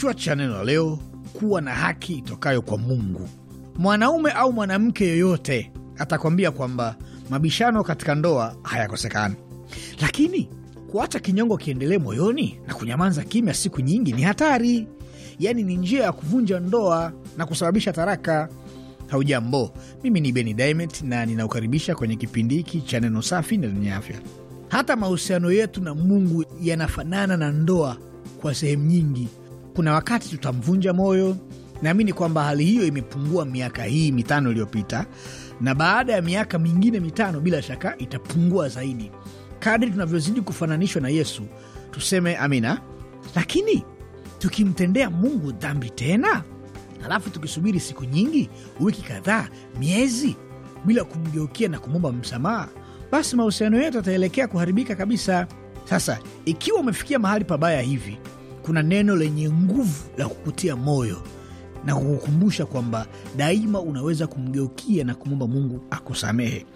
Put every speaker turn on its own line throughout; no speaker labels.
Kichwa cha neno la leo: kuwa na haki itokayo kwa Mungu. Mwanaume au mwanamke yoyote atakwambia kwamba mabishano katika ndoa hayakosekani, lakini kuacha kinyongo kiendelee moyoni na kunyamaza kimya siku nyingi ni hatari. Yaani ni njia ya kuvunja ndoa na kusababisha taraka. Haujambo, mimi ni Beni Dimet na ninaukaribisha kwenye kipindi hiki cha neno safi na lenye afya. Hata mahusiano yetu na Mungu yanafanana na ndoa kwa sehemu nyingi kuna wakati tutamvunja moyo. Naamini kwamba hali hiyo imepungua miaka hii mitano iliyopita, na baada ya miaka mingine mitano bila shaka itapungua zaidi kadri tunavyozidi kufananishwa na Yesu. Tuseme amina. Lakini tukimtendea Mungu dhambi tena, halafu tukisubiri siku nyingi, wiki kadhaa, miezi bila kumgeukia na kumwomba msamaha, basi mahusiano yetu yataelekea kuharibika kabisa. Sasa ikiwa umefikia mahali pabaya hivi kuna neno lenye nguvu la kukutia moyo na kukukumbusha kwamba daima unaweza kumgeukia na kumwomba Mungu akusamehe.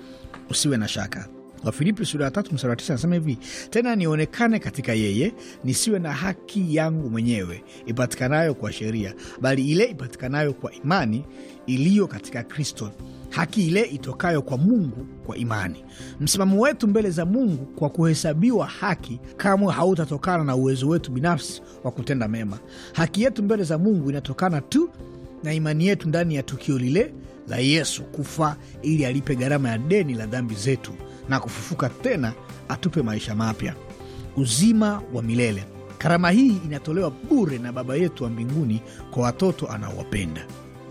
Usiwe na shaka. Wafilipi sura ya tatu msara wa tisa anasema hivi: tena nionekane katika yeye, nisiwe na haki yangu mwenyewe ipatikanayo kwa sheria, bali ile ipatikanayo kwa imani iliyo katika Kristo haki ile itokayo kwa Mungu kwa imani. Msimamo wetu mbele za Mungu kwa kuhesabiwa haki kamwe hautatokana na uwezo wetu binafsi wa kutenda mema. Haki yetu mbele za Mungu inatokana tu na imani yetu ndani ya tukio lile la Yesu kufa ili alipe gharama ya deni la dhambi zetu na kufufuka tena atupe maisha mapya, uzima wa milele. Karama hii inatolewa bure na Baba yetu wa mbinguni kwa watoto anaowapenda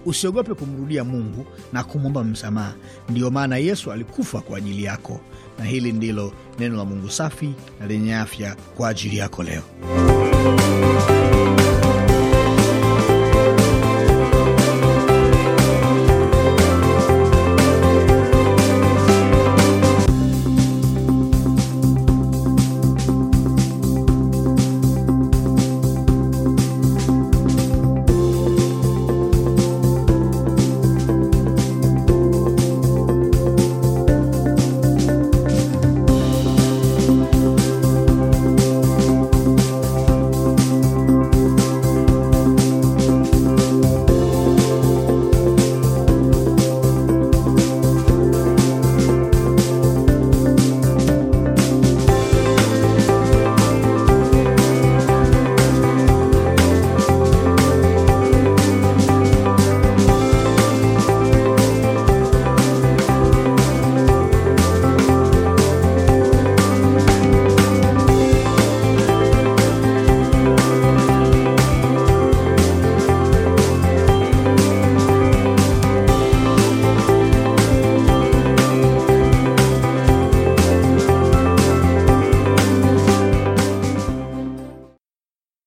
usiogope kumrudia Mungu na kumwomba msamaha. Ndiyo maana Yesu alikufa kwa ajili yako, na hili ndilo neno la Mungu safi na lenye afya kwa ajili yako leo.